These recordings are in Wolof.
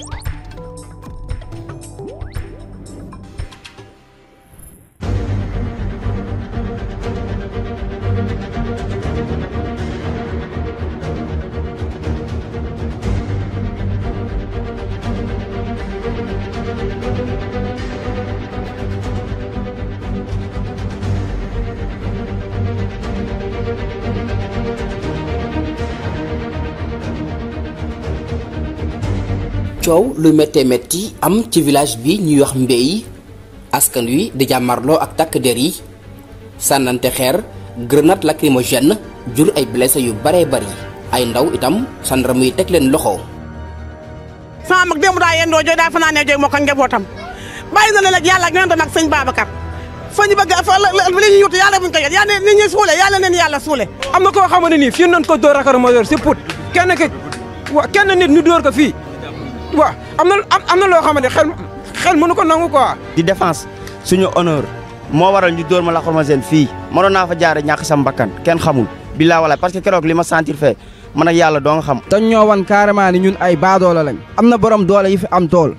Sénégal coow lu méttee métti am ci village bi ñuy wax Mbéy askan wi di jàmmarloo ak takk der yi sànnante xeer grenade lacrymogène jur ay blessé yu baree bari ay ndaw itam sandarma yi teg leen loxo. sama mag démb daa yendoo jooy daa fanaanee jooy moo ko njabootam bàyyi na leen ak yàlla ak yonentam ak sëñ Babacar fa ñu bëgg fa li ñu yut yàlla buñ ko yet yàlla nit ñi suule yàlla neen yàlla suule am na koo xamante ni fii noonu ko dóor akar major si put kenn fii waaw am na am na loo xamante xel xel mënu ko nangu quoi. di défense suñu honneur moo waral ñu dóor ma la xormaseen fii mënoon naa fa jaare ñàkk sam kenn xamul bilaa walaay parce que keroog li ma sentir fee man a yàlla doo xam. dañ ñoo wan carrément ni ñun ay baadoola lañ. am na borom doole yi fi am tool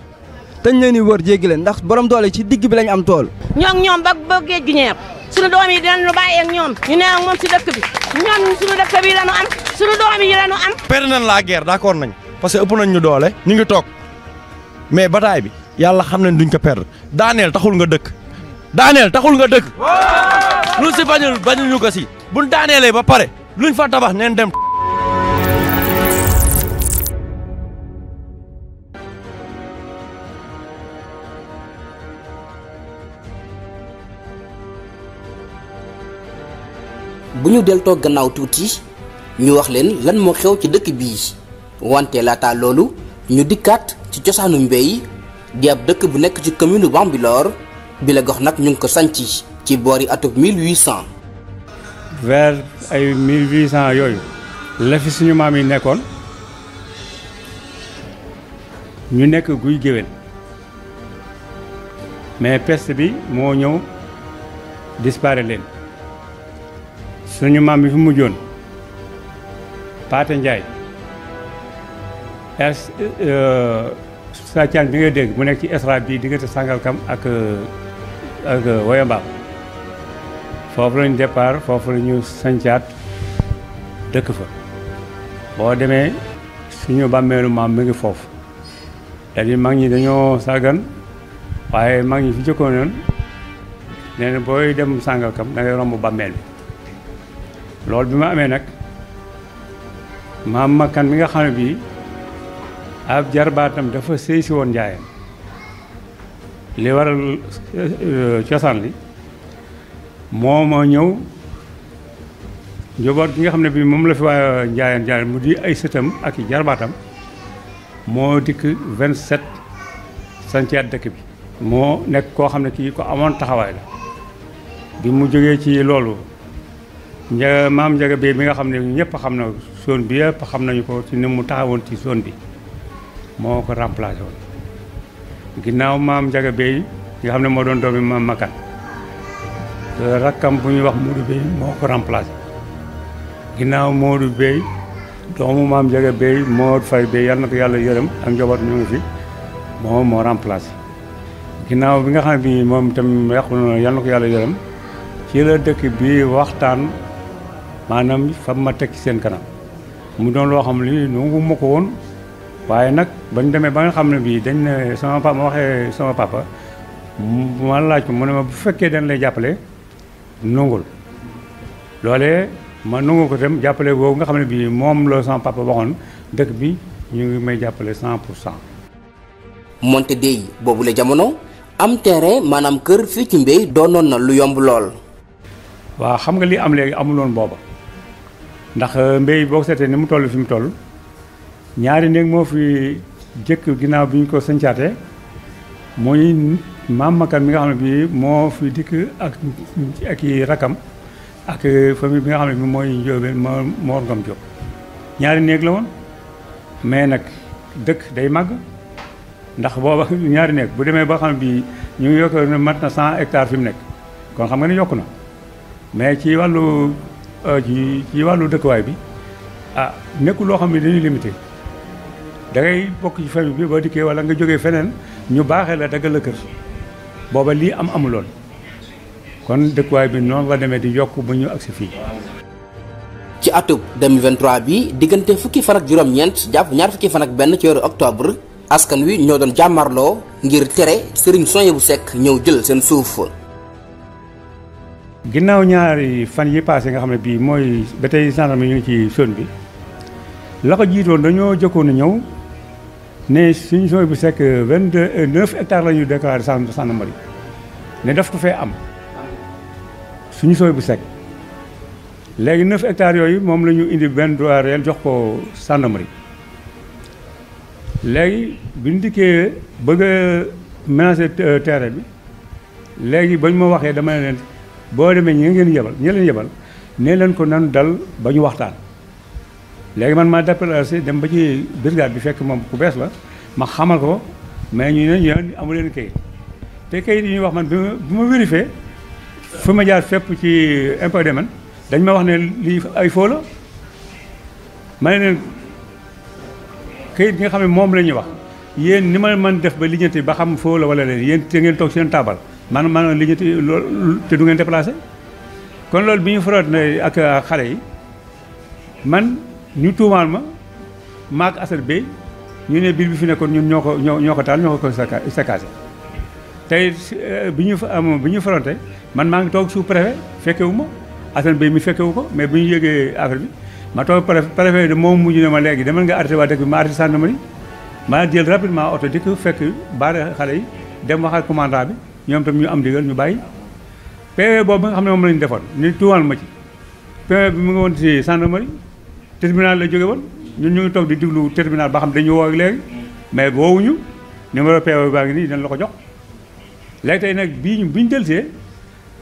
dañ leen di wër jéggi leen ndax borom doole ci digg bi lañ am tool. ñoo ñoom ba ba géej gi ñeex suñu doom yi dinañ lu bàyyi ak ñoom ñu ne ak moom si dëkk bi ñoom nañ parce que ëpp nañ ñu doole ñu ngi toog mais bataay bi yàlla xam nañ duñ ko perdre daaneel taxul nga dëkk daaneel taxul nga dëkk lu si bañul bañul ñu ko si buñ daaneelee ba pare luñ fa tabax neen dem bu ñu del toog gannaaw tuuti ñu wax leen lan moo xew ci dëkk bii wante laata loolu ñu dikkaat ci cosaanu mbéy di ab dëkk bu nekk ci commune Bambilor bi la gox nag ñu ngi ko sanc ci boori atub 1800. vers ay 1800 yooyu la fi suñu maam yi nekkoon ñu nekk guy géwén mais peste bi moo ñëw disparaître leen suñu maam yi mu mujjoon Paate Njaay es euh, Sathiane bi nga dégg mu nekk ci Isra bii diggante Sangalkam ak ak Woyambaam foofu lañu départ foofu la ñu sancaat dëkk fa boo demee suñu bàmmeelu maam mi ngi foofu cest mag ñi dañoo sàggan waaye mag ñi fi jëkkoon noon nee booy dem Sangalkam da ngay romb bàmmeel bi loolu bi ma amee nag maam ma kan mi nga xam bii ab jarbaatam dafa sëy woon njaayam li waral euh, cosaan li moo ñëw njaboot gi nga xam ne bi moom la fi waa njaayam njaayam mu di ay sëtam ak i jarbaatam moo dikk 27 sanciyaat dëkk bi moo nekk koo xam ne kii ko amoon taxawaay la bi mu jógee ci loolu nja maam njaga bi nga xam ne ñëpp xam na zone bi yëpp xam nañu ko ci ni mu taxawoon ci zone bi moo ko remplacé woon ginnaaw maam Njaga Bey nga xam ne moo doon doomi maam Makan rakkam bu ñuy wax Modou Bey moo ko remplacé ginnaaw Modou Bey doomu maam Njaga Bey moo fay Bey yàlla na ko yàlla yërëm ak njaboot ñu ngi fi moom moo remplacé ginnaaw bi nga xam ne bii moom tamit mu na yàlla na yàlla yërëm ci la dëkk bi waxtaan maanaam fa ma teg ci seen kanam mu doon loo xam li nangu ma ko woon waaye nag bañ demee ba nga xam ne bii dañ ne sama papa ma waxee sama papa ma laaj ko mu ne ma bu fekkee dañ lay jàppale nungul loole ma nungu ko dem jàppale boobu nga xam ne bii moom la sama papa waxoon dëkk bi ñu ngi may jàppale cent pour cent moonte dey boobu la jamono am terrain maanaam kër fii ci mbéy doonoon na lu yomb lool waaw xam nga lii am léegi amuloon booba ndax mbéy boo seetee ni mu toll fi mu toll ñaari néeg moo fi jëkk ginnaaw bi ñu ko moo ñu maam Makan mi nga xam ne bii moo fi dikk ak ak i rakam ak famille bi nga xam ne bii mooy njóobeen Mor Ngom Diop ñaari néeg la woon mais nag dëkk day màgg ndax booba ñaari néeg bu demee ba xam ne bii ñu ngi yokk ne mat na cent hectares fi mu nekk kon xam nga ne yokk na mais ci wàllu euh, ci wàllu dëkkuwaay bi ah nekkul loo xam ne dañuy limité da bokk ci famille bi boo dikkee wala nga jógee feneen ñu baaxee la daggal la kër booba lii am amuloon kon dëkkuwaay bi noonu la demee di yokk ba ñu agsi fii. ci atub 2023 bi diggante fukki fan ak juróom-ñeent jàpp ñaar fukki fan ak benn ci weeru octobre askan wi ñoo doon jàmbarloo ngir tere Serigne Souhaïbou sekk ñëw jël seen suuf. ginnaaw ñaari fan yi paase nga xam ne bii mooy ba tey gendarme ñu ci sone bi la ko dañoo jëkkoon a ñëw. ne suñu sooy bu sekk vingt de euh, neuf hectares la ñu déclaré gendarmerie ne def ko fee am suñu sooy bu sekk léegi neuf hectares yooyu moom lañu indi benn droit réel jox ko gendarmerie léegi bi ñu dikkee bëgg a menacer euh, terrain bi léegi ba ñu ma waxee dama ne leen boo demee ñi ngeen yebal ñi leen yebal nee leen ko nanu dal ba ñu waxtaan léegi man maa déplacé dem ba ci brigade bi fekk moom ku bees la ma xamal ko mais ñu ne ñu amu leen kayit te kayit yu ñuy wax man bi ma bi ma vérifié fi ma jaar fépp ci impôt domaine dañ ma wax ne lii ay faux la ma ne leen kayit gi nga xam ne moom la ñuy wax yéen ni ma man def ba lijjanti ba xam foo la wala leen yéen te ngeen toog seen taabal man maanaam lijjanti loolu te du ngeen déplacé kon loolu bi ñu faral ne ak xale yi man. ñu tuumaal ma maak asar bay ñu ne biir bi fi nekkoon ñun ñoo ko ñoo ko taal ñoo ko saccagé tey euh, bi ñu am bi ñu fronté man maa ngi toog sous préfet fekkewu ma asar bay mi fekkewu ko mais bi ñu yëgee affaire bi ma toog préfet de moom mujj ne ma léegi demal nga arrêté waa dëkk bi ma arrêté gendarmerie ma jël rapidement oto dikk fekk baare xale yi dem wax ak commandant bi ñoom tam ñu am digal ñu bàyyi PV e boobu nga xam ne moom lañu defoon ñu tuumaal ma ci PV e bi mu woon ci gendarmerie terminal la jóge woon ñun ñu ngi toog di diglu terminal ba xam dañu woo ak léegi mais woowuñu numéro PV baa ngi nii dañ la ko jox léegi tey nag bii bi ñu delsee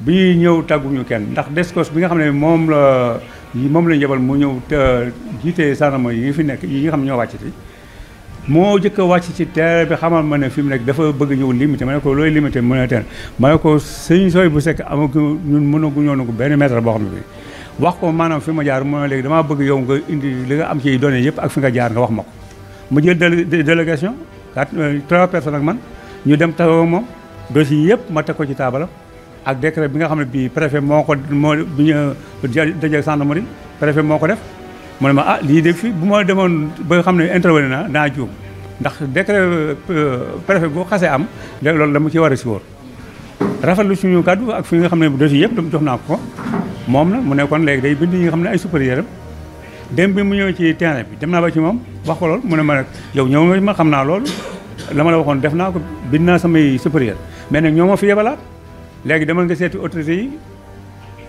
bi ñuy ñëw tàgguñu kenn ndax DSCOS bi nga xam ne moom la moom la yebal mu ñëw jiite gendarme yi fi nekk yi ñu xam ñoo wàcc ci moo jëkk wàcc ci terre bi xamal ma ne fi mu nekk dafa bëgg ñëw limité ma ne ko looy limité mu ne teen ma ne ko sëñ sooy bu sekk amagu ñun mënaguñoo ko benn mètre boo xam ne bi wax ko maanaam fi ma jaar moo léegi damaa bëgg yow nga indi li nga am ci données yëpp ak fi nga jaar nga wax ma ko mu jël délégation quatre euh, trois personnes ak man ñu dem taxaw moom dossier yëpp ma teg ko ci taabalam ak décret bi nga xam ne bii préfet moo ko moo bi ñu dajeeg gendarmerie préfet moo ko def mu ma ah lii dégg bu ma demoon ba xam ne intervenir naa naa juum ndax décret euh, préfet boo xasee am loolu la mu ci war a si wóor rafetlu suñu kàddu ak fi nga xam ne dossier yëpp dama jox naa ko moom la mu ne kon léegi day bind ñi nga xam ne ay supérieur dem bi mu ñëw ci terrain bi dem naa ba ci moom wax ko loolu mu ne ma nag yow ñëw nga ma xam naa lool lama la waxoon def naa ko bind naa samay supérieur mais ne ñoo ma fi yebalaat léegi dama nga seeti autorités yi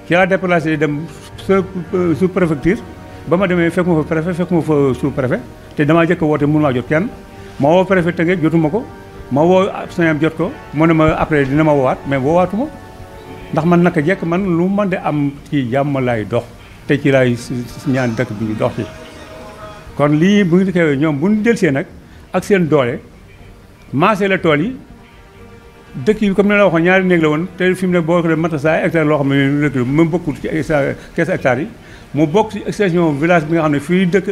ci laa déplacé dem euh, sous préfecture ba ma demee fekk ma fa préfet fekk ma fa sous préfet te damaa jëkk woote mënu maa jot kenn ma woo préfet Tëngéej jotuma ko ma woo absent am jot ko mu ne ma après dina ma woowaat mais woowaatuma ndax man naka jekk man lu man de am ci jàmm laay dox te ci laay ñaan dëkk bi ñu dox ci kon lii bu ñu xewee ñoom bu ñu delsee nag ak seen doole maasee la tool yi dëkk yi comme ne la waxoon ñaari néeg la woon te fi mu ne boo ko def mata saa hectare loo xam ne lu nekk bokkul ci quinze hectares yi mu bokk ci extension village bi nga xam ne fii dëkk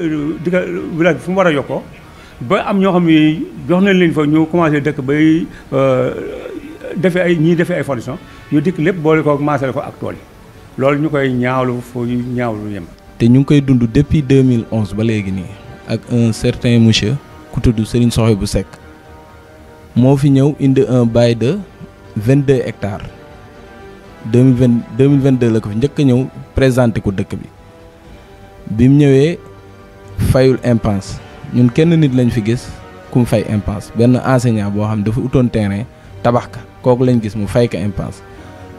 dëkk village bi fu mu war a yokkoo ba am ñoo xam ne jox nañ leen fa ñu commencé dëkk bay euh, defee ay ñii defee ay fondation yu dikk lépp boole ko maasale ko ak tool loolu ñu koy ñaawlu foo ñu ñaawlu yem. te ñu ngi koy dund depuis 2011 ba léegi nii ak un certain monsieur ku tudd Serigne bu sekk moo fi ñëw indi un bail de 22 hectares 2020 2022 la ko fi njëkk a ñëw présenté ko dëkk bi bi mu ñëwee fayul impense ñun kenn nit lañu fi gis ku mu fay impense benn enseignant boo xam dafa utoon terrain tabax ka kooku lañ gis mu fay ko impense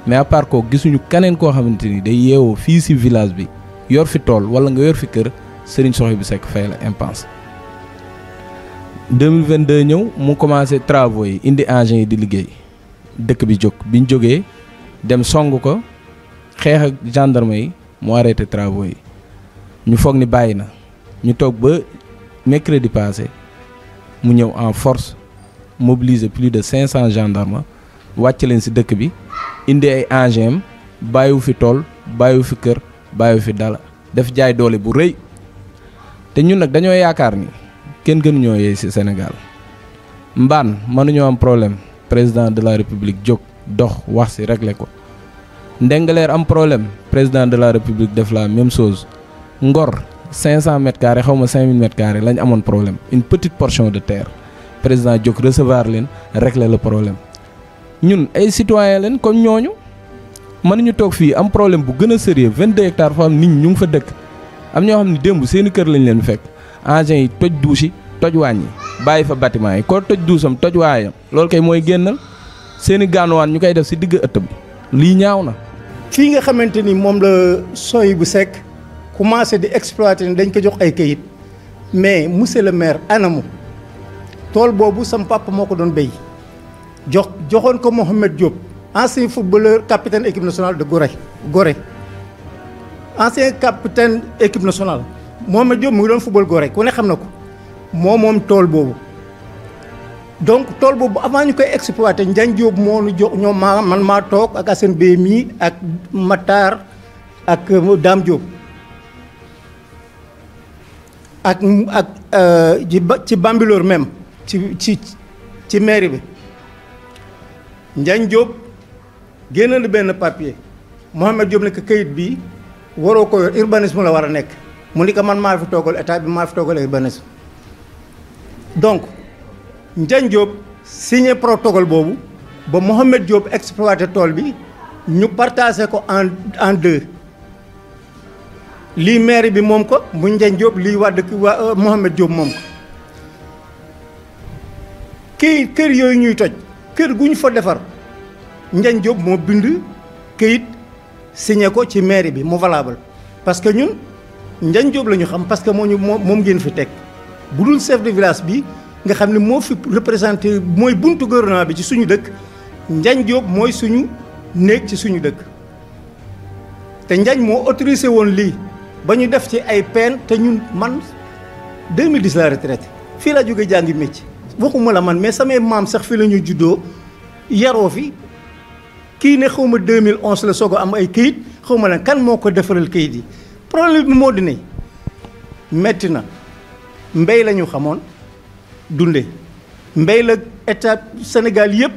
mais à part gisuñu keneen koo xamante ni day yeewoo fii si village bi yor fi tool wala nga yor fi kër Serigne Souhaibou sekk fay la impense 2022 ñëw mu commencé travaux yi indi engins yi di liggéey dëkk bi jóg biñ jógee dem song ko xeex ak gendarme yi mu arrêté travaux yi ñu foog ni bàyyi na ñu toog ba mercredi passé mu ñëw en force mobiliser plus de 500 gendarmes wàcc leen si dëkk bi. indi ay engins bàyyiwu fi tool bàyyiwu fi kër bàyyiwu fi dala def jaay doole bu rëy te ñun nag dañoo yaakaar ni kenn gënu ñoo yey ci Sénégal mbaan mënuñoo am problème président de la république jóg dox wax ci régler ko Ndengaleer am problème président de la république def la même chose Ngor 500 mètres carrés xaw ma 5000 mètres carrés lañ amoon problème une petite portion de terre président jóg recevoir leen régler le problème. ñun ay citoyen leen kon ñooñu mën ñu toog fii am problème bu gën a sérieux 22 hectares foo xam nit ñu ngi fa dëkk am ñoo xam ne démb seeni kër lañ leen fekk engins yi toj douche yi toj waañ yi bàyyi fa bâtiment yi ko toj duusam toj waayam loolu kay mooy génnal seeni gaanwaan ñu koy def si digg ëtt bi lii ñaaw na. fii nga xamante ni moom la sooy bu sekk commencé di exploiter ni dañ ko jox ay kayit mais monsieur le maire anamu tool boobu sam papa moo ko doon béy. jox joxoon ko Mohamed Diop ancien footballeur capitaine équipe nationale de gore gore ancien capitaine équipe nationale Mohamed Diop mu ngi doon football Gorée ku ne xam na ko moomoom tool boobu donc tool boobu avant ñu koy exploité Ndiagne Diop moo nu jox ñoom maa man maa toog ak Assane Beye mii ak Matar ak euh, Dame Diop ak ak euh, ci Bambilor même ci ci ci mairie bi Ndiagne Diop génne na benn papier Mouhamed Diop ne ko kayit bi waroo ko yor urbanisme la war a nekk mu ni ko man maa fi toogal état bi maa fi toogal urbanisme donc Ndiagne Diop signé protocole boobu ba Mouhamed Diop exploité tool bi ñu partagé ko en en deux lii maire bi moom ko mu Ndiagne Diop lii waa dëkk waa euh, Mouhamed Diop moom ko kii kër yooyu ñuy toj kër gu ñu fa defar Ndiagne Diop moo bind këyit signé ko ci mairie bi mu valable parce que ñun Ndiagne Diop la ñu xam parce que moo ñu moom ngeen fi teg bu dul chef de village bi nga xam ne moo fi représenté mooy buntu gouvernement bi ci suñu dëkk Ndiagne Diop mooy suñu néeg ci suñu dëkk te njañ moo autorisé woon lii ba ñu def ci ay peine te ñun man 2010 la retraité fii laa jógee jàngi métier waxuma la man mais samay maam sax fi la ñu juddoo yaroo fi kii ne xaw ma 2011 la soo ko am ay këyit xaw ma kan moo ko defaral këyit yi problème bi moo di ne metti na mbéy lañu xamoon dunde mbéy la état Sénégal yëpp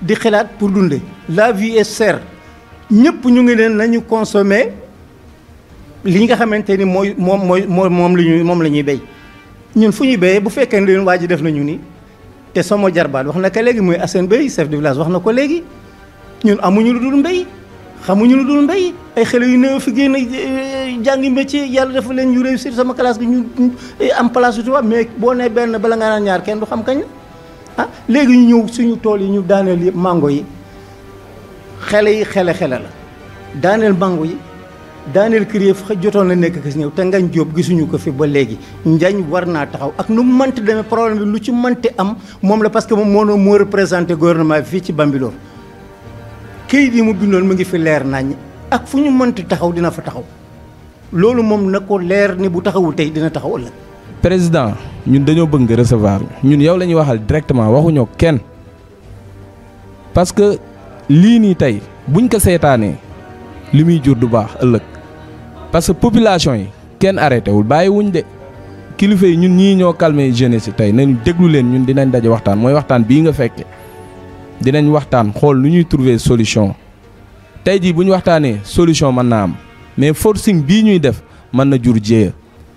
di xalaat pour dunde la vie est chère ñëpp ñu ngi leen nañu consommer li nga xamante ni mooy moom mooy moom moom la ñuy moom la ñuy béy ñun fu ñuy béyee bu fekkee ne leen waa ji def nañu nii te sama jarbaat wax na léegi mooy Assane Bey chef de village wax na ko léegi ñun amuñu lu dul mbéy xamuñu lu dul mbéy ay xele yu néew fi génn eh, jàngi métier yàlla dafa leen ñu réussir sama classe gi ñu eh, am place su tubaab mais boo nee benn bala nga naan ñaar kenn du xam kañ ah léegi ñu ñëw suñu tool yi ñu daaneel yëpp mango yi xale yi xele xele la daaneel mango yi. Daniel Krief jotoon na nekk gis ñëw te Ngagne Diop gisuñu ko fi ba léegi Ndiagne war naa taxaw ak nu mënti demee problème bi lu ci mënti am moom la parce que moom moo moo représenté gouvernement bi fii ci Bambilor këyit yi mu bindoon mu ngi fi leer nañ ak fu ñu mënti taxaw dina fa taxaw loolu moom na ko leer ni bu taxawul tey dina taxaw ëllëg. président ñun dañoo bëgg nga recevoir ñun yow la ñuy waxal directement waxuñoo kenn parce que lii nii tey buñ ko seetaanee li muy jur du baax ëllëg. parce que population yi kenn arrêté wul bàyyi wuñ de kilifa yi ñun ñii ñoo calmé jeunesse si tey nañu déglu leen ñun dinañ daje waxtaan mooy waxtaan bii nga fekke dinañ waxtaan xool lu ñuy trouver solution tey jii bu ñu waxtaanee solution man naa am mais forcing bii ñuy def mën na jur jéeya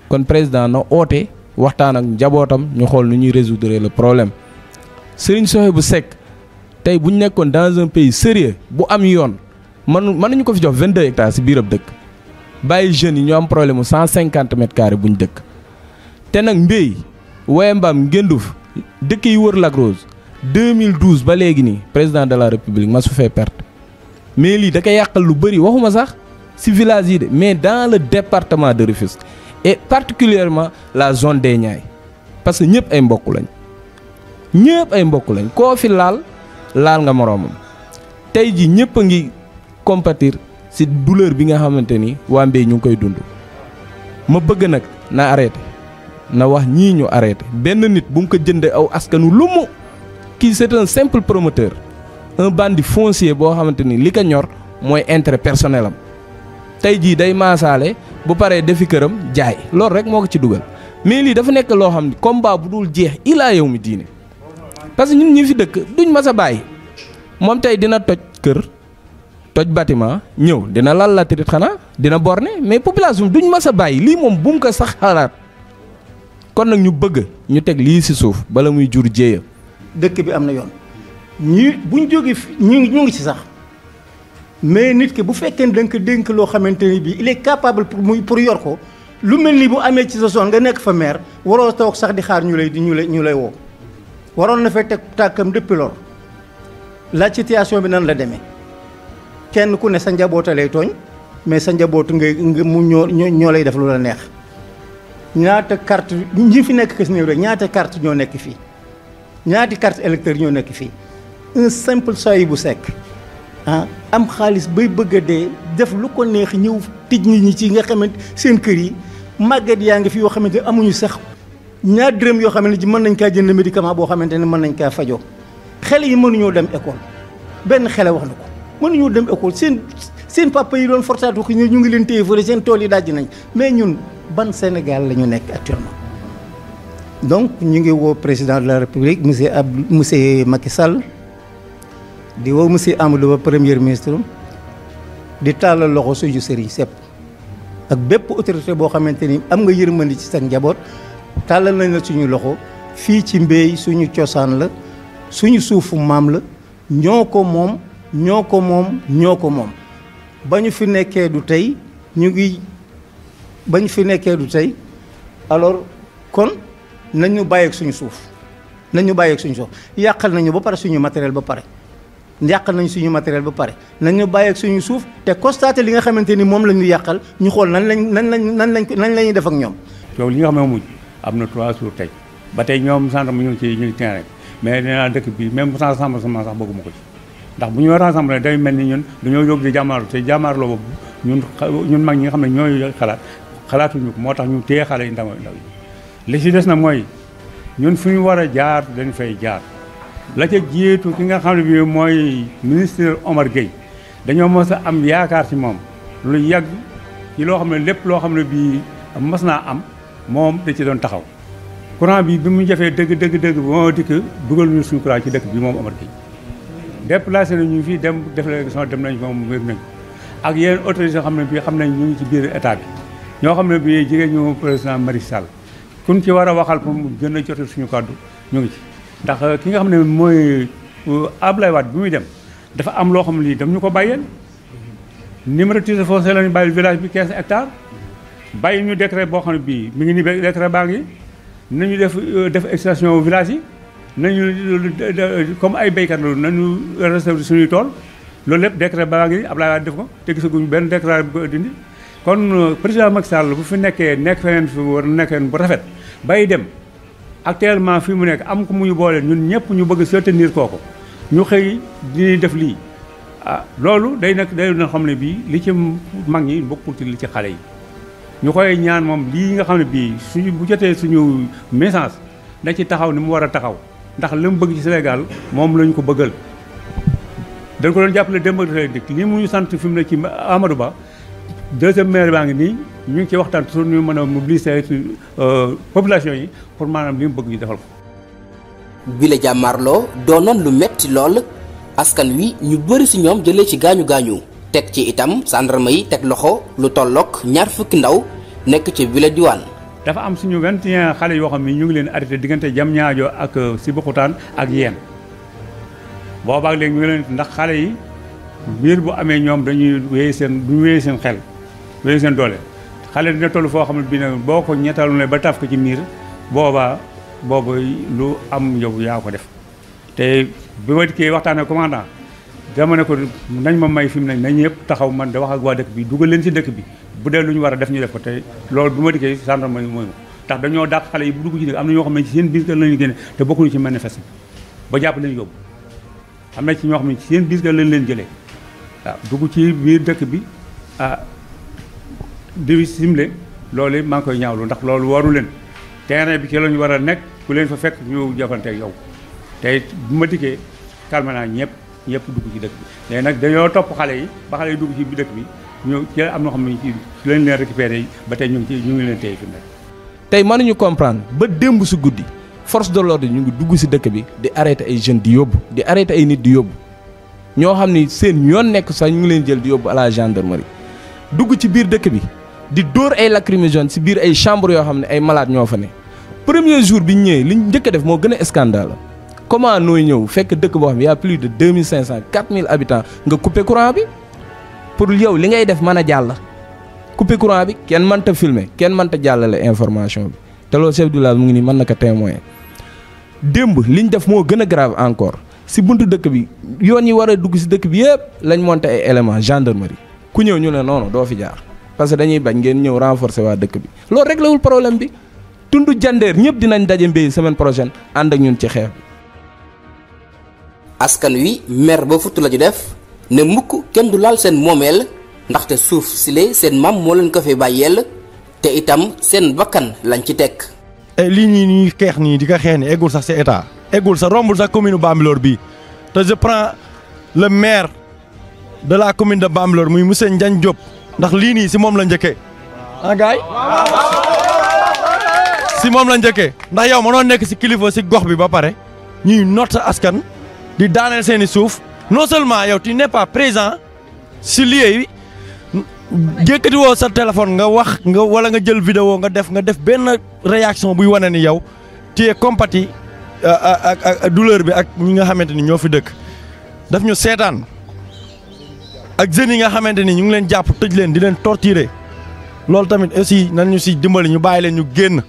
kon président na oote waxtaan ak njabootam ñu xool nu ñuy résoudre le problème Serigne Souhaïbou Seck tey bu ñu nekkoon dans un pays sérieux bu am yoon man mënuñu ko fi jox 22 hectares si biirab dëkk. bàyyi jeunes yi ñu am problème mu cent cinquante mètres carrés bu dëkk te nag mbéy mbaam Ngënduf dëkk yi wër Lac Rose 2012 ba léegi nii président de la république ma sufee fee perte lii da koy yàqal lu bëri waxuma sax si village yi de mais dans le département de Rufisque et particulièrement la zone des Niayes parce que ñëpp ay mbokk lañ ñëpp ay mbokku lañ koo fi laal laal nga moroomam tey ji ñëpp a ngi compatir si douleur bi nga xamante ni waa mbéy ñu ngi koy dund ma bëgg nag na arrêté na wax ñii ñu arrêté benn nit bu mu ko jëndee aw askanu lumu kii c'est un simple promoteur un bandit foncier boo xamante ni li ko ñor mooy intérêt personnel am tey jii day maasaale bu paree defi këram jaay loolu rek moo ko ci dugal mais lii dafa nekk loo xam ne combat bu dul jeex ilaa mi diine parce que ñun ñi fi dëkk duñ mas a bàyyi moom tey dina toj kër toj bâtiment ñëw dina lal latérite xanaa dina borne mais population duñ mës a bàyyi lii moom bu ko sax xalaat kon nag ñu bëgg ñu teg lii si suuf bala muy jur jéeya. dëkk bi am na yoon ñi buñ jógee ñu ñu ngi ci sax mais nit ki bu fekkee da nga dénk loo xamante ni bii il capable pour muy pour yor ko lu mel ni bu amee ci sa zone nga nekk fa maire waroo toog sax di xaar ñu lay di ñu lay ñu lay woo waroon na fay teg tàkkam depuis lors la situation bi nan la demee. kenn ku ne sa njaboota lay tooñ mais sa njaboot nga mu ñoo ñoo lay def lu la neex ñaata carte ñi fi nekk kës néew rek ñaata carte ñoo nekk fii ñaati carte électeur ñoo nekk fii un simple soyi bu sekk ah, am xaalis bay bëgg a dee def lu ko neex ñëw tij nit ñi ci nga xamant seen kër yi màgget yaa ngi fi yoo xamante ne amuñu sax ñaar dërëm yoo xamante ne mën nañ kaa jënd médicament boo xamante ne mën nañ kaa fajoo xel yi mënuñoo dem école benn xale wax na ko ñu dem école seen seen papa yi doon fortaatu ki ñu ngi leen téye fële seen tool yi daaj nañ mais ñun ban Sénégal la ñu nekk actuellement. donc ñu ngi woo président de la république monsieur Abdou monsieur Macky Sall di wow monsieur Amadou Ba premier ministre di tàllal loxo suñu sëriñ sepp ak bépp autorité boo xamante ni am nga yërmande ci sa njaboot tàllal nañ la suñu loxo fii ci mbéy suñu cosaan la suñu suufu maam la ñoo ko moom. ñoo ko moom ñoo ko moom ba ñu fi nekkee du tey ñu ngi ba ñu fi nekkee du tey alors kon nañu bàyyeeg suñu suuf nañu bàyyeeg suñu suuf yàqal nañu ba pare suñu materiel ba pare yàqal nañ suñu matériel ba pare nañu bàyyeeg suñu suuf te constaté li nga xamante ni moom la ñu yàqal ñu xool nan lañ nan lañ nan lañ nan la ñuy def ak ñoom coow li nga xam ne mujj am na trois jours tey ba tey ñoom centre mu ñu ci ñu ngi terrain mais nee naa dëkk bi même sans sama sax bëgguma ko ci ndax bu ñu rassemblé day mel ni ñun dañoo yóbbu di jàmmaarloo te jàmmaarloo boobu ñun ñun mag ñi nga xam ne ñooy xalaat xalaatuñu moo tax ñu téye xale yu ndaw ndaw yi li ci des na mooy ñun fu ñu war a jaar dañ fay jaar la ca jiitu ki nga xam ne bii mooy ministre Omar Gueye dañoo mos a am yaakaar ci moom lu yàgg ci loo xam ne lépp loo xam ne bii mos naa am moom da ci doon taxaw courant bi bi mu jafee dëgg dëgg dëgg moo dikk dugal ñu suñu courant ci dëkk bi moom Omar déplacé nañu fii dem def délégation dem nañ mu wér nañ ak yeneen autorités yoo xam ne bii xam nañ ñu ngi ci biir état bi ñoo xam ne bii jigéen ñu président Macky Sall kun ci war a waxal pour mu gën a jotal suñu kàddu ñu ngi ci ndax ki nga xam ne mooy euh, Ablaye Wade bi muy dem dafa am loo xam lii dem ñu ko bàyyeel numérotisé foncier lañu bàyyil village bi 15 hectares bàyyi ñu décret boo xam ne bii mi ngi ni décret baa ngi nañu def euh, def extension village yi nañu comme ay béykat loolu nañu restaurer suñuy tool loolu lépp décret baa ngi Abdoulaye Wade def ko te gisaguñu benn décret bu ko dindi kon euh, président Macky Sall bu fi nekkee nekk feneen fi war nekkeen bu rafet bay dem actuellement fi mu nekk am ku mu ñu boole ñun ñëpp ñu bëgg soutenir kooku ñu xëy di def lii ah loolu day nag day na xam ne bii li ci mag ñi bokkul ci li ci xale yi ñu koy ñaan moom lii nga xam ne bii suñu bu jotee suñu message na ci taxaw ni mu war a taxaw ndax li mu bëgg ci Sénégal moom lañu ko bëggal dañ ko doon jàppale démb ak tey lii mu ñu sant fi mu ne ci Amadou Ba deuxième maire baa ngi nii ñu ngi ci waxtaan toujours ñu mën a mobiliser euh, population yi pour maanam li mu bëgg ñu defal ko. bile jàmmaarloo doonoon lu metti lool askan wi ñu bëri si ñoom jëlee ci gaañu gaañu teg ci itam sàndarma yi teg loxo lu tollook ñaar fukki ndaw nekk ci bile diwaan. dafa am suñu 21 xale yoo xam ne ñu ngi leen arrêté diggante jam ñaajo ak euh, Sébikotane ak yéen boobaag léegi ñu ngi leen ndax xale yi mbir bu amee ñoom dañuy wéy seen duñu wéy seen xel wéy seen doole xale dina toll foo xam ne boo ko ñettalu ne ba taf ko ci miir boobaa boobu lu am yow yaa ko def te bi ma kii waxtaanee commandant dama ne ko nañ ma may fi mu ne nañ ñëpp taxaw man da wax ak waa dëkk bi dugal leen si dëkk bi bu dee lu ñu war a def ñu def ko te lool bu ma dikkee gendarme mooy mooy ndax dañoo dàq xale yi bu dugg ci am na ñoo xam ne ci seen biir kër lañu génne te bokkuñu ci manifeste ba jàpp leen yóbbu am na ci ñoo xam ne ci seen biir kër lañ leen jëlee waaw dugg ci biir dëkk bi ah di simle loolu maa ngi koy ñaawlu ndax loolu waru leen terrain bi ci la ñu war a nekk ku leen fa fekk ñu jëfante yow te bu ma dikkee calme naa ñëpp yëpp dugg ci dëkk bi léegi nag dañoo topp xale yi ba xale yi dugg ci bi dëkk bi ñu ci am na xam ne ci lañ leen récupéré yi ba tey ñu ngi ci ñu ngi leen téye fi mu nekk tey mënuñu comprendre ba démb si guddi force de l'ordre ñu ngi dugg si dëkk bi di arrêté ay jeunes di yóbbu di arrêté ay nit di yóbbu ñoo xam ni seen yoon nekk sax ñu ngi leen jël di yóbbu à la gendarmerie dugg ci biir dëkk bi di dóor ay lacrymogène si biir ay chambre yoo xam ne ay malade ñoo fa ne premier jour bi ñu ñëwee liñ njëkk def moo gën a scandale comment nooy ñëw fekk dëkk boo xam ne y' a plus de 2500 4000 habitants nga couper courant bi pour yow li ngay def mën a jàll. couper courant bi kenn mënta filmer kenn mënta jàllale information bi te loolu chef du village mu ngi nii mën na ko témoin démb liñ def moo gën a grave encore si buntu dëkk bi yoon yi war a dugg si dëkk bi yëpp lañ monté ay éléments gendarmerie ku ñëw ñu ne noonu doo fi jaar parce que dañuy bañ ngeen ñëw renforcer waa dëkk bi loolu réglewul problème bi tund jandeer ñëpp dinañ daje mbéy semaine prochaine ànd ak ñun ci xeex bi. askan wi mer ba futt la ñu def ne mukk kenn du laal seen moomeel ndaxte suuf sile seen maam moo leen ko fi bàyyeel te itam seen bakkan lañ ci teg. Eh, lii ñii ñuy xeex nii di ko xeex ni eggul sax si état eggul sax rombul sax commune Bambilor bi te je prends le maire de la commune de Bambilor muy monsieur Ndiagne Diop ndax lii nii si moom la njëkke ah si moom la njëkkee ndax yow mënoo nekk si kilifa si gox bi ba pare ñuy noot sa askan. di daaneel seeni suuf non seulement yow tu n'es pas présent si lieu yi jékkati woo sa téléphone nga wax nga wala nga jël vidéo nga def nga def benn réaction buy wane ni yow tu es compati euh, euh, ak ak douleur bi ak ñi nga xamante ni ñoo fi dëkk daf ñu seetaan ak jeunes yi nga xamante ni ñu ngi leen jàpp tëj leen di leen torturer loolu tamit aussi nañu ñu si dimbali ñu bàyyi leen ñu génn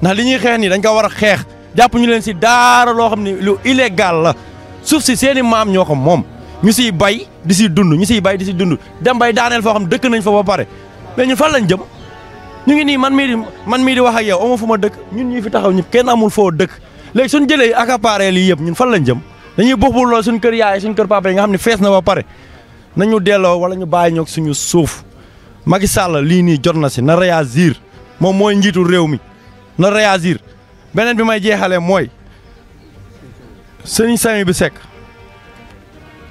ndax li ñuy xeex nii dañ ko war a xeex jàpp ñu leen si daara loo xam ne lu illégal la suuf si seeni i maam ñoo ko moom ñu siy bay di siy dund ñu siy bay di si dund dem bay daaneel foo xam dëkk nañ fa ba pare mais ñun fan lañ jëm ñu ngi nii man mii di man mii di wax ak yow amoo fu ma dëkk ñun ñii fi taxaw ñëpp kenn amul foo dëkk léegi suñ jëlee accaparé lii yëpp ñun fan lañ jëm dañuy buux bu lool suñ kër yaay suñ kër papa yi nga xam ne fees na ba pare nañu delloo wala ñu bàyyi ñoog suñu suuf Macky Sall lii nii jot na si na réagir moom mooy njiitu réew mi na réagir beneen bi may jeexalee mooy sëñ Saint bi Seck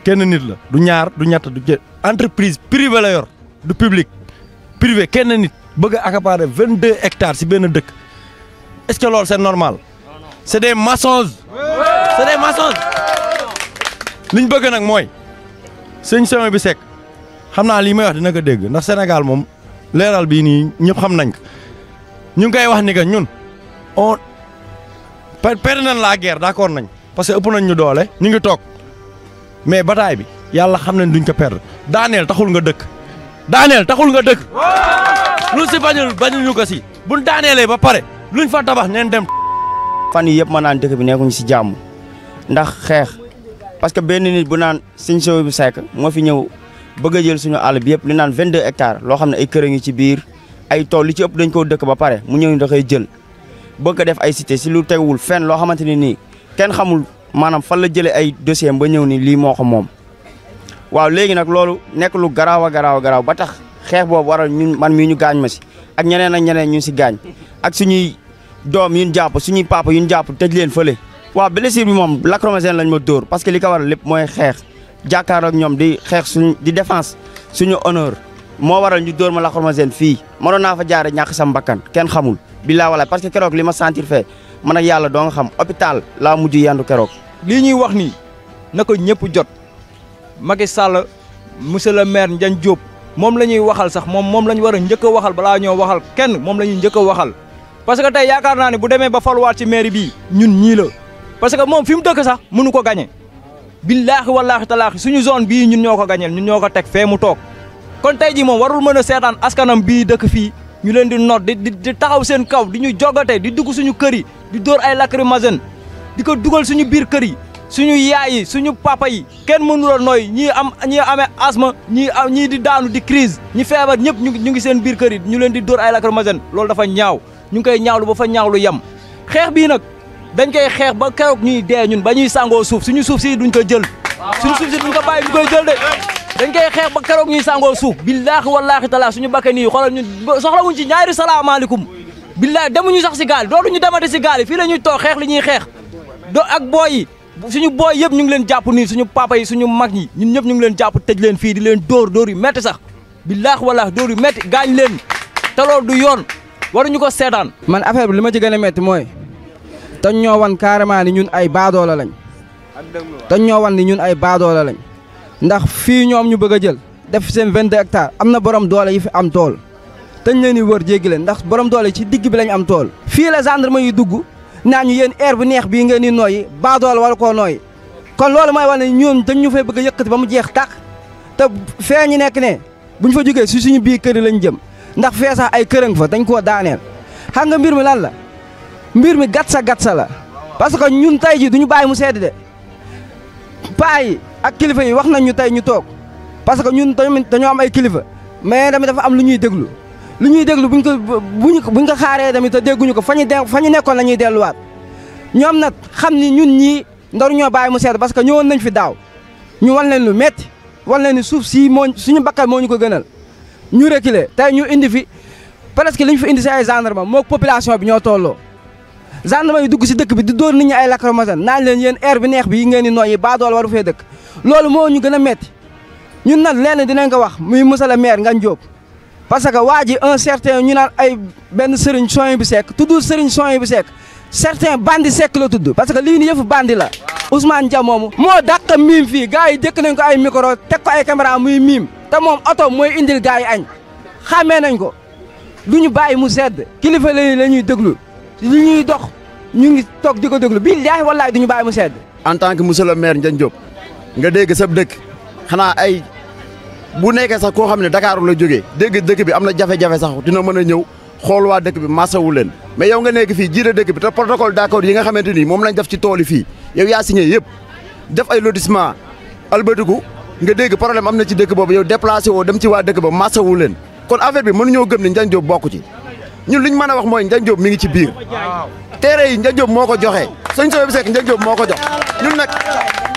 kenn nit la du ñaar du ñett du jë entreprise privée la yor du public privé kenn nit bëgg a accaparer vingt hectares si benn dëkk est seen que loolu c' est normal c' est des maçons c' est liñ bëgg nag mooy sëñ Saint bi Seck xam naa lii may wax dina ko dégg ndax Sénégal moom leeral bii nii ñëpp xam nañ ko ñu ngi koy wax ni que ñun on perdre nañ la guerre d' accord nañ. parce que ëpp nañ ñu doole ñu ngi toog mais bataay bi yàlla xam nañ duñ ko perdre daaneel taxul nga dëkk daaneel taxul nga dëkk lu si bañul bañul ñu ko si buñ daaneelee ba pare luñ fa tabax neen dem fan yi yëpp ma naan dëkk bi nekkuñu si jàmm ndax xeex parce que benn nii bu naan Sëñ Souhaïbou Seck moo fi ñëw bëgg a jël suñu àll bi yëpp li naan 22 hectares loo xam ne ay kër ngi ci biir ay tool li ci ëpp dañ koo dëkk ba pare mu ñëw ñu da koy jël bëgg ko def ay cité si lu teguwul fenn loo xamante ni nii kenn xamul maanaam fan la jëlee ay dossier ba ñëw ni lii moo ko moom waaw léegi nag loolu nekk lu garaaw a garaaw a garaaw ba tax xeex boobu waral ñun man mii ñu gaañ ma si ak ñeneen ak ñeneen ñu si gaañ ak suñuy doom yu yuñ jàpp suñuy yu ñu jàpp tëj leen fële. waaw blessure bi moom lacrymogène lañ ma dóor parce que li ko waral lépp mooy xeex jàkkaar ñoom di xeex suñ di défense suñu honneur moo waral ñu dóor ma lacrymogène fii mënoon naa fa jaare ñàkk sa kenn xamul. billaa walaay parce que keroog li ma sentir fee man ak yàlla doo xam hôpital laa mujj yendu keroog. lii ñuy wax nii na ko ñëpp jot Macky Sall monsieur le maire Ndiagne Diop moom la ñuy waxal sax moom moom la ñu war a njëkk a waxal balaa ñoo waxal kenn moom la ñuy njëkk waxal. parce que tey yaakaar naa ne bu demee ba faluwaat ci mairie bii ñun ñiila la que moom fi mu dëkk sax mënu ko gañe billaahi wallaahi talaahi suñu zone bii ñun ñoo ko gañeel ñun ñoo ko teg fee mu toog kon tey jii moom warul mën a seetaan askanam bii dëkk fii ñu leen di noot di di taxaw seen kaw di ñu jogate di dugg suñu kër yi di dóor ay lacrymogène di ko dugal suñu biir kër yi suñu yaay suñu papa yi kenn mënula nooy ñii am ñii amee asthme ñii ah, ñii di daanu di crise ñi feebar ñëpp ñu ngi seen biir kër yi ñu leen di dóor ay lacrymogène loolu dafa ñaaw ñu ngi koy ñaawlu ba fa ñaawlu yem xeex bii nag dañ koy xeex ba keroog ñuy dee ñun ba ñuy sangoo suuf suñu suuf si duñ ko jël suñu suuf si duñ ko bàyyi ñu jël de dañ koy xeex ba keroog ñuy sàngoo suuf billaahi wallaahi taala suñu bakkan yi xoolal ñun soxlawuñ ci ñaari salaamaaleykum billaahi damuñu sax si gaal dootuñu demati si gaal fii la ñuy toog xeex li ñuy xeex do ak booy yi suñu booy yëpp ñu ngi leen jàpp nii suñu papa yi suñu mag ñi ñun ñëpp ñu ngi leen jàpp tëj leen fii di leen dóor dóor meti sax billaahi wallaahi dóor yu metti gaañ leen te du yoon waruñu ko seetaan man affaire bi li ma ci gën a mooy dañ ñoo wan carrément ni ñun ay baadoola lañ dañ ñoo wan ni ñun ay baadoola lañ ndax fii ñoom ñu bëgg a jël def seen 22 hectares am na borom doole yi fi am tool teñ leen di wër jéggi leen ndax borom doole ci digg bi lañ am tool. fii la gendarme yi dugg naa ñu yéen air bu neex bii ngeen di nooyi baa doole wala koo nooyi kon loole mooy wane ñoom dañ ñu fay bëgg a yëkkati ba mu jeex tax te fee ñu nekk ne bu ñu fa jógee si suñu biir kër lañ jëm ndax fee sax ay kërëng fa dañ koo daaneel xam mbir mi lan la mbir mi gatsa gatsa la parce que ñun tey ji duñu bàyyi mu sedd de paa yi ak kilifa yi wax nañ ñu tey ñu toog parce que ñun tamit dañoo am ay kilifa mais tamit dafa am lu ñuy déglu lu ñuy déglu buñ ko buñ buñ ko xaaree tamit te dégguñu ko fa ñu de fa ñu nekkoon la ñuy delluwaat ñoom nag xam ni ñun ñii ndaru ñoo bàyyi mu sedd parce que ñëwoon nañ fi daaw ñu wan leen lu metti wan leen ni suuf sii moo suñu bakkan moo ñu ko gënal ñu reculer tey ñu indi fi presque li ñu fi indi si ay ma moog population bi ñoo tolloo. gendarme yi dugg si dëkk bi di dóor nit ñi ay lacrymogène naan leen yéen air bi neex bi yi ngeen di yi baa dool waru fee dëkk loolu moo ñu gën a metti ñun nag lenn dinañ ko wax muy monsieur le maire Ngagne Diop parce que waa ji un certain ñu naan ay benn sëriñ soin bi sekk tuddul sëriñ soin bi seek certain bandi sekk la tudd parce que lii yëfu bandi la Ousmane Dia moomu moo dàq miim fii gars yi dëkk nañ ko ay micro teg ko ay caméra muy miim te moom oto mooy indil gars yi añ nañ ko duñu bàyyi mu sedd kilifa la ñuy déglu li ñuy dox ñu ngi toog di ko déglu billaahi wallaahi du ñu bàyyi mu sedd. en tant que monsieur le maire Ndiagne Diop nga dégg sab dëkk xanaa ay bu nekkee sax koo xam ne Dakar la jógee dégg dëkk bi am na jafe-jafe sax dina mën a ñëw xool waa dëkk bi masawu leen mais yow nga nekk fii jiite dëkk bi te protocole d'accord yi nga xamante ni moom lañ def ci tool yi fii yow yaa signé yëpp def ay lotissement albatiku nga dégg problème am na ci dëkk boobu yow déplacé woo dem ci waa dëkk ba masawu leen kon affaire bi mënuñoo gëm ne Ndiagne Diop bokk ci. ñun liñ mën a wax mooy Ndiaye mi ngi ci biir terre yi Ndiaye moo ko joxe sëñ Sow bi Seck Ndiaye Diop moo ko jox ñun nag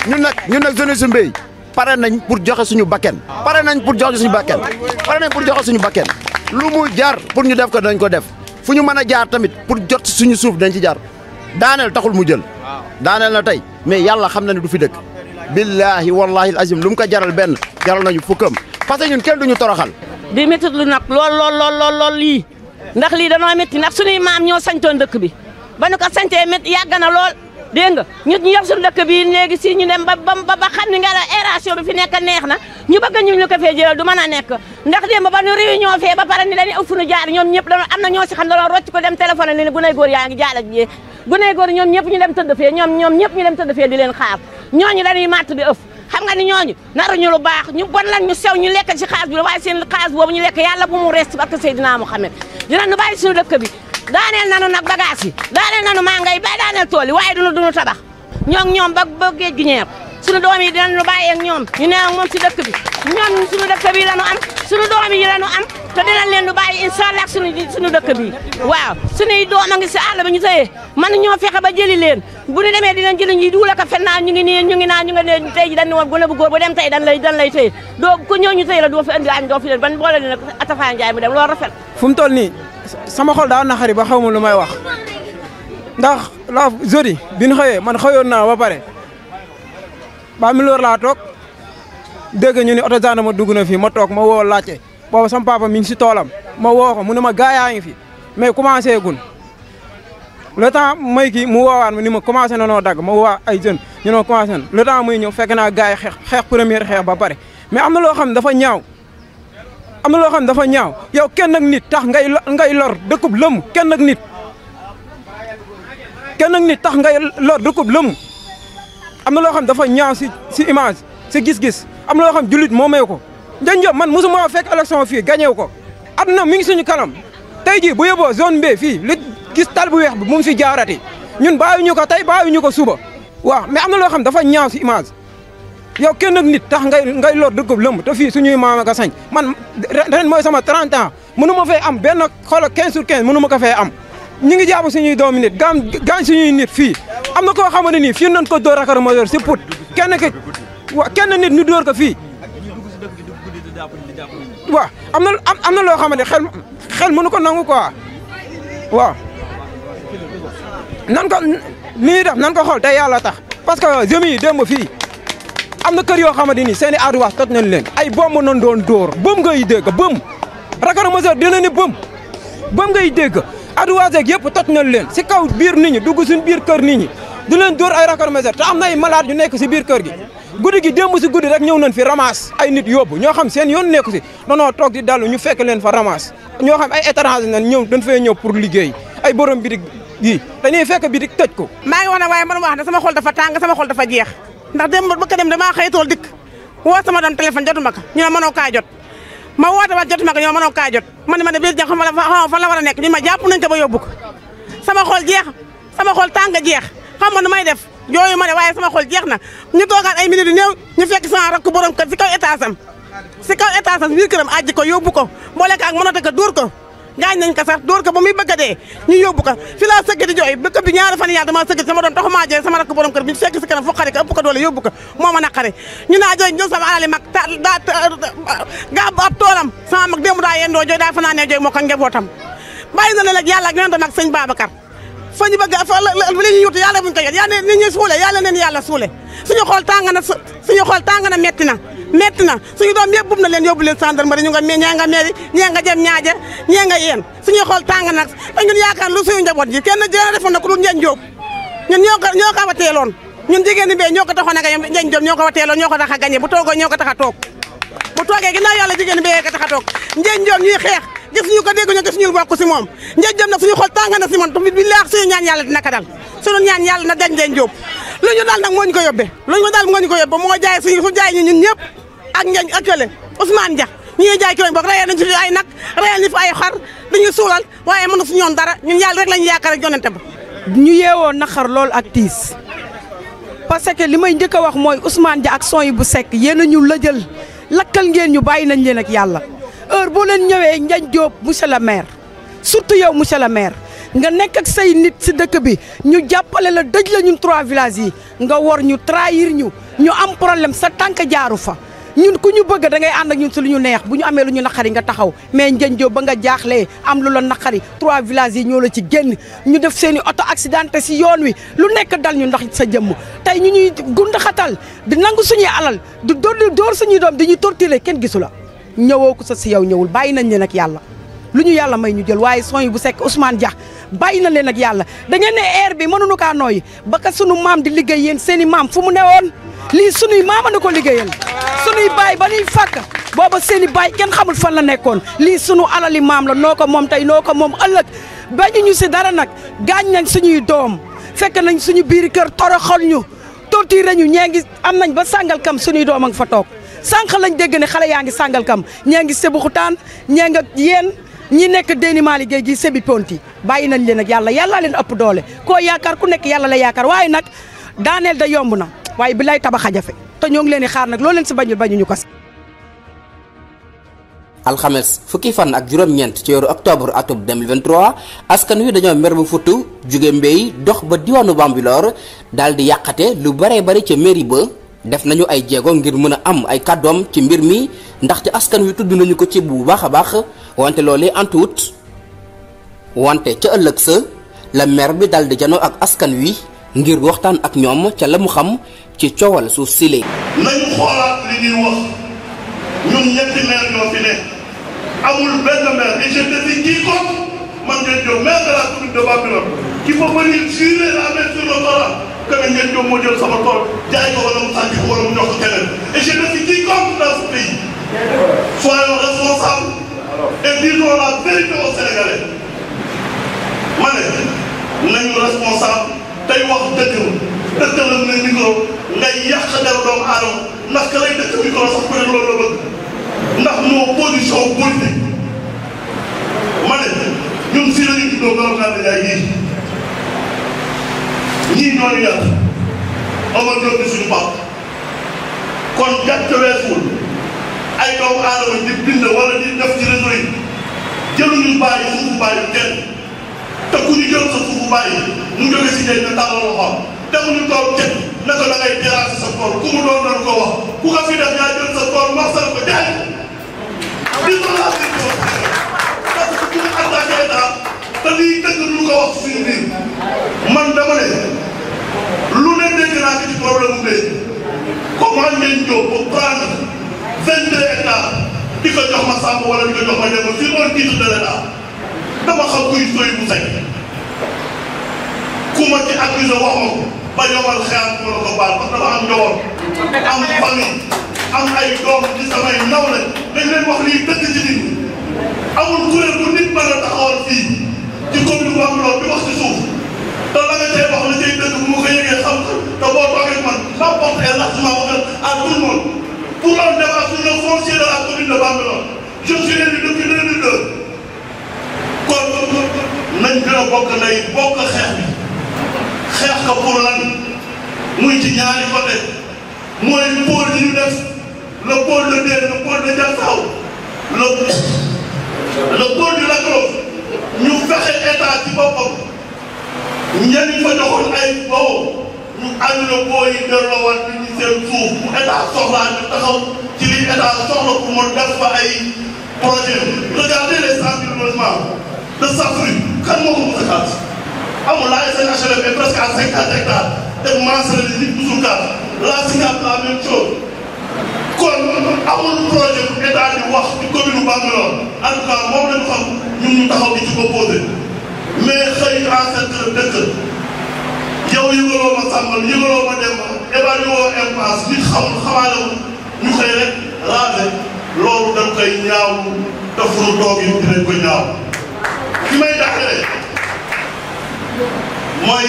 ñu nag ñun nag jeunesse su mbéy pare nañ pour joxe suñu bakken pare nañ pour joxe suñu bakken pare nañ pour joxe suñu bakken lu mu jaar pour ñu def ko dañ ko def fu ñu mën a jaar tamit pour jot suñu suuf dañ ci jar daaneel taxul mu jël daaneel na tey mais yàlla xam na ne du fi dëkk billaahi wallaahi azim lu mu ko jaral benn jaral nañu fukkam parce que ñun kenn duñu toroxal di ndax lii danoo métti ndax suñuy maam ñoo sañtoon dëkk bi ba ñu ko sañtee métti yàgg lool dégg nga ñu ñu dëkk bi léegi si ñu dem ba ba ba xam ne nga la aération bi fi nekk neex na ñu bëgg ñu ñu ko fee jëlal du mën a nekk ndax démb ba ñu réunion fee ba pare ni dañuy jaar ñoom ñëpp dañoo am na ñoo si xam dañoo rocc ko dem téléphone li ne gunay góor yaa ngi jaala jee gunay góor ñoom ñëpp ñu dem tëdd fee ñoom ñoom ñu dem tëdd fee di leen xaar ñooñu dañuy màtt di ëf baax ñu ñu sew ñu ñu lekk yàlla bu mu rees ci barke ñu ne nu bàyyi suñu dëkk bi daaneel na nag bagage yi daaneel nanu maa ngay bay daaneel tool yi waaye duñu duñu tabax ñoo ngi ba ba géej gi ñeeku suñu doom yi dinañu bàyyi ak ñoom ñu ne ak moom si dëkk bi ñoom suñu dëkk bi lañu am suñu doom yi lañu am te dinañ leen du bàyyi incha allah suñu suñu dëkk bi waaw suñuy doom a ngi si àll ba ñu tëyee man ñoo fexe ba jëli leen bu ñu demee dinañ jëli ñi duula ka fennaa ñu ngi nii ñu ngi naa ñu nga ne tey ji dañ ne woon gone bu góor tey dañ lay dañ lay ñu tëye la doo fi andi añ doo fi leen ban boole leen Atafa Njaay mu dem loolu rafet fu mu toll ni sama xol daa naxari ba xaw ma lu may wax ndax la jodi bi ñu xëyee man xëyoon naa ba pare ba mi loor laa toog dégg ñu ne oto ma dugg na fii ma toog ma woo laajte boobu sampaapa papa mi ngi si toolam ma woo ko mu ne ma gaa yaa ngi fi mais commencé gun le temps may kii mu woowaat ma ni ma commencé na noo dagg ma woo ay jeunes ñu noo commencé na le temps may ñëw fekk naa gaa yi xeex xeex première xeex ba pare mais am na loo xam dafa ñaaw am na loo xam dafa ñaaw yow kenn nag nit tax ngay ngay lor dëkkub lëmm kenn ak nit kenn ak nit tax ngay lor dëkkub lëmm am na loo xam dafa ñaaw si si image si gis-gis am na loo xam jullit moo may ko Ndiagne Diop man mosuma fekk élection fii gagné wu ko adduna mi ngi suñu kanam tey jii bu yóbboo zone B fii li gis tal bu weex bi mu ngi fi jaarati ñun bàyyiwuñu ko tey ñu ko suba waaw mais am na loo xam dafa ñaaw si image yow kenn nit tax ngay ngay lor ko lëmb te fii suñuy maam ak sañ man ren mooy sama 30 ans mënu ma fay am benn xolo 15 sur 15 mënu ma ko fay am ñu ngi jàpp suñuy doom nit gaam gaañ suñuy nit fii am na koo xamante ni fii nañ ko dóor akar major si put kenn ki waaw kenn nit nu dóor ko fii waaw am na am na loo xamante xel xel mënu ko nangu quoi waaw nan ko li ñuy def nan ko xool te yàlla tax parce que jeunes yi démb fii am na kër yoo xamante ni seen i ardoise toj nañ leen ay bomb nañ doon dóor bëm ngay dégg bëm rakar major dina ni bëm bëm ngay dégg aduwaaseeg yëpp toj nañ leen si kaw biir nit ñi dugg suñ biir kër nit ñi di leen dóor ay réformiseur te am na ay malade yu nekk si biir kër gi guddi gi démb si guddi rek ñëw nañ fi ramas ay nit yoobu ñoo xam seen yoon nekku si nonoo toog di dalu ñu fekk leen fa ramas ñoo xam ay étranger nañ ñëw dañ fay ñëw pour liggéey ay borom bitig yi dañuy fekk bitig tëj ko maa ngi woon a waaye man wax ne sama xol dafa tàng sama xol dafa jeex ndax démb bëgg dem damaa xëy tool dikk woo sama doom téléphone jotuma ko ñu ne mënoo ma woote waat jotuma ko ñoo mënoo kaa jot man ma ne biir jàng xam nga fan la war a nekk ñu ma jàpp nañ ko ba yóbbu ko sama xol jeex sama xol tàng jeex xam ma nu may def yooyu ma ne waaye sama xool jeex na ñu toogaat ay minutes yu néew ñu fekk sama rakk borom kër si kaw étage am si kaw étage am biir këram ko yóbbu ko boo ko ak mënata ko dóor ko gaañ nañ ko sax dóor ko ba muy bëgg a dee ñu yóbbu ko fi laa jooy bëkk bi ñaari fan yaa damaa sëgg sama doon tax maa jooy sama rakk borom kër bi ñu segg si kanam fu xari doole yóbbu ko moo ma naqari ñu naa jooy ñëw sama alali mag ta daa gaab ab toolam sama mag démb daa yendoo jooy daa fanaanee jooy moo ko njabootam bàyyi na leen ak yàlla ak yonentam ak sëñ Babacar fa ñu bëgg fa la ñu yuutu yàlla buñu ko yet yàlla ni ñuy suule yàlla neen suule suñu xool tàng na suñu xool tàng na metti na metti na suñu doom yëpp bub na leen yóbbu leen gendarmerie ñu nga mee ñee nga meeri ñee nga jëm ñaaje ñee nga yéen suñuy xool tàng nag te ñun yaakaar lu suñu njaboot ji kenn jëna defoon na ku jóob ñun ñoo ko ñoo ko wateeloon ñun ñi bee ñoo ko taxoon a gañe njeen jóob ñoo ko wateeloon ñoo a gañe bu toogoo ñoo ko tax a toog bu toogee ginnaaw yàlla jigéen ñi bee ko tax a toog njeen gis ñu ko dégg ñu gis ñu bokk si na njëjjëm nag suñu xol tàng na si moom tamit billaahi suñu ñaan yàlla dina ko dal suñu ñaan yàlla na dañ leen jóob lu ñu dal nag moo ñu ko yóbbee lu ñu dal moo ñu ko yóbbee moo jaay suñu su jaay ñu ñun ñëpp ak ngeñ ak kële Ousmane Dia ñu ñuy jaay kiloñ boog ay nag rayal ñu fi ay xar dañuy suulal waaye mënu si ñoon dara ñun yàlla rek lañu yaakaar ak yonente ba ñu yeewoo naqar lool ak tiis parce que li may njëkk a wax mooy Ousmane Dia ak son yi bu sekk yéen a ñu lëjal lakkal ngeen ñu bàyyi nañ leen ak yàlla heure boo leen ñëwee Ndiagne Diop monsieur le maire surtout yow monsieur le maire nga nekk say nit si dëkk bi ñu jàppale la dëj la ñun trois villages yi nga wor ñu trahir ñu ñu am problème sa tànk jaaru fa ñun ku ñu bëgg da ngay ànd ak ñun si lu ñu neex bu ñu amee lu ñu naqari nga taxaw mais Ndiagne ba nga jaaxle am lu la naqari trois villages yi ñoo la ci génn ñu def seeni i auto si yoon wi lu nekk dal ñu ndax sa jëmm tey ñu ñuy gund xatal di nangu suñuy alal du dóor dóor suñuy doom di ñu kenn gisu ñëwoo ko sa si yow ñëwul bàyyi nañ leen ak yàlla lu ñu yàlla may ñu jël waaye son yi bu sekk Ousmane Dia bàyyi na leen ak yàlla da ngeen ne air bi mënuñu kaa nooyi ba ka sunu maam di liggéey yéen seen i maam fu mu newoon lii sunuy maama na ko liggéeyal sunuy baay ba nuy fàkk booba seen i baay kenn xamul fan la nekkoon lii sunu alali maam la noo ko moom tey noo ko moom ëllëg bañu ñu si dara nag gaañ nañ suñuy doom fekk nañ suñu biir kër toroxal ñu torturé ñu ñee ngi am nañ ba sàngal suñuy doom a nga fa toog sànq lañ dégg ne xale yaa ngi sàngal kam ñee ngi Sébikotane ñee nga yéen ñi nekk déeni maali géej sebi sébi ponti bàyyi nañ leen ak yàlla yàlla leen ëpp doole koo yaakaar ku nekk yàlla la yaakaar waaye nag daaneel da yomb na waaye bi lay tabax a jafe te ñoo ngi leen di xaar nag loolu si bañul bañuñu ko si alxames fukki fan ak juróom-ñeent ci weeru octobre atum 2023 askan wi dañoo mber bu futu jóge mbéy dox ba diwaanu Bambilor daal di yàqate lu baree bari ca mairie ba def nañu ay jéego ngir mën a am ay kàddoom ci mbir mi ndaxte askan wi tudd nañu ko ci bu baax a baax wante loolee antuwut wante ca ëllëg sa la maire bi daldi janoo ak askan wi ngir waxtaan ak ñoom ca la mu xam ci coowal suuf sile. nañ xoolaat li ñuy wax ñun ñetti maire ñoo fi ne amul benn maire et je te dis kii ko man de Diop maire de la commune de Bambilor qui peut venir jurer la main sur le Coran que ne ngeen ñoom moo jël sama tool jaay ko wala mu sànni ko wala mu ñor ko keneen et ne suis quiconque dans ce pays. soyons responsables et disons la vérité aux ma ne nañu responsable tey wax dëgg la dëgg la micro ngay yàq deru doomu aadama ndax ka lay dëkk micro sax peut être loolu la bëgg ndax moo position politique ma ne ñun fii la ñu juddoo nga xam ne ñii ñoo ñu yàq Omar Diop di suñu papa kon gàtt weesuwul ay doomu aadama di bind wala di def ci réseau yi jëluñu bàyyi suufu bàyyi kenn te ku ñu jël sa suufu bàyyi mu jóge si tey nga tàllal loxoom defuñu toog teg naka la ngay terrasser sa tool ku mu doon doon ko ku ko fi def yaa sa tool wax sa ko jaay. di ko laaj di ko parce que ku ñu attaqué état. te liy dëgg lu ko wax suñu biir man dama ne lu ne dégg naa ko ci problème mu béy comment ngeen jóg ba prendre vingt deux hectares di ko jox ma sàmm wala di ko jox ma dem si on titre de l'état dama xam kuy sooy bu sañ ku ma ci accusé waxoon ba yowal xeer mu la ko baal parce que dama am njaboot am famille am ay doom ci samay ndaw la dañ leen wax lii dëgg ci nit amul kuréel bu nit mën a taxawal fii. ci commune bu Bambilor bi wax ci suuf te la nga cay wax la cay dëgg bu ma ko yëgee xam te boo toogee man la porte est largement ouverte à tout le monde pour un débat sur le foncier de la commune de Bambilor je suis élu depuis 2002 kon nañ gën a bokk ndey bokk xeex bi xeex ko pour lan muy ci ñaari côté mooy pôle yi ñu def le pôle de Delle le pôle de Diattaw le le pôle du Lac Rose ñu fexe état ci boppam ñenn fa joxoon ay boobu ñu annulé boo yi delloowaat nit ñi seen suuf bu état soxlaa ñu taxaw ci li état soxla pour mu def fa ay projet regardez les centres de logement de Saffrou kan moo ko mos a xaat amul la SNHLM est presque à cinquante hectares te maasale nit ñi toujours la SICAP la même chose. kon amul projet bu état di wax ci commune Bambilor en tout cas moom lañ xam ñun ñu taxaw di ci opposé mais xëy ancêtre dëkk yow yëgaloo ma sàmmal yëgaloo ma dem évalué woo impasse nit xamul xamaalewul ñu xëy rek raade loolu dañ koy ñaaw dafuru toog yi ko ñaaw fi may daxalee mooy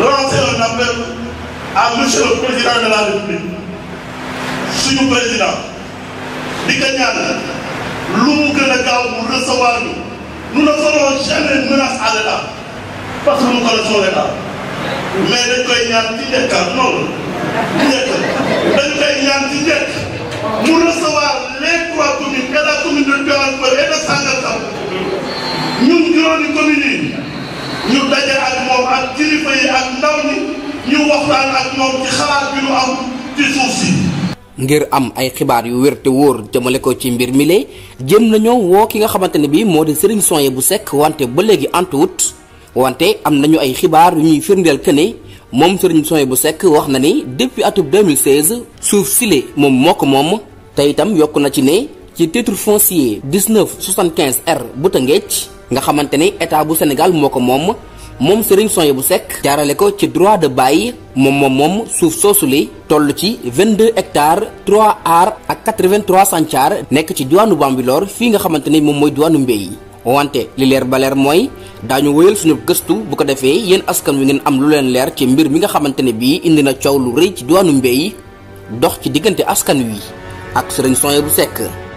lancer un appel à monsieur le président de la république suñu président di ñaan lu mu gën a gaaw mu recevoir ñu nous ne ferons jamais menace à l'État parce que nous connaissons l'État mais dañ koy ñaan ci njëkk noonu ci njëkk dañ koy ñaan ci ngir am ay xibaar yu wér te wóor jëmale ko ci mbir mile lee jëm nañoo woo ki nga xamante ne bii moo di sëriñ Soye bu sekk wante ba léegi antuwut wante am nañu ay xibaar yu ñuy firndeel que ne moom sëriñ Soye bu sekk wax na ni depuis atub 2016 suuf sile moom moo ko moom te itam yokk na ci ne ci titre foncier 1975 R bu Tëngéej nga xamante ne état bu Sénégal moo ko moom. moom Serigne bu sekk jaarale ko ci droit de bail moom moom moom suuf soosu li toll ci 22 hectares 3 ar ak 83 santiar nekk ci diwaanu Bambilor fii nga xamante ni moom mooy diwaanu yi wante li leer ba leer mooy daañu wéyal suñu gëstu bu ko defee yéen askan wi ngeen am lu leen leer ci mbir mi nga xamante ne bii indi na coow lu rëy ci diwaanu Mbéy dox ci diggante askan wi ak Serigne bu sekk